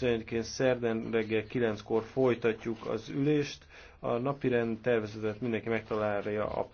24-én szerdán reggel 9-kor folytatjuk az ülést. A napirend tervezetet mindenki megtalálja a